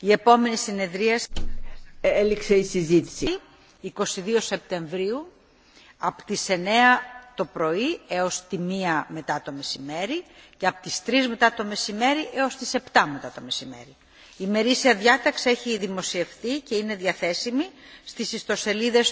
Η επόμενη συνεδρία έληξε η συζήτηση. 22 Σεπτεμβρίου από τις 9 το πρωί έως τη 1 μετά το μεσημέρι και από τις 3 μετά το μεσημέρι έως τις 7 μετά το μεσημέρι. Η μερίσια διάταξη έχει δημοσιευθεί και είναι διαθέσιμη στις ιστοσελίδες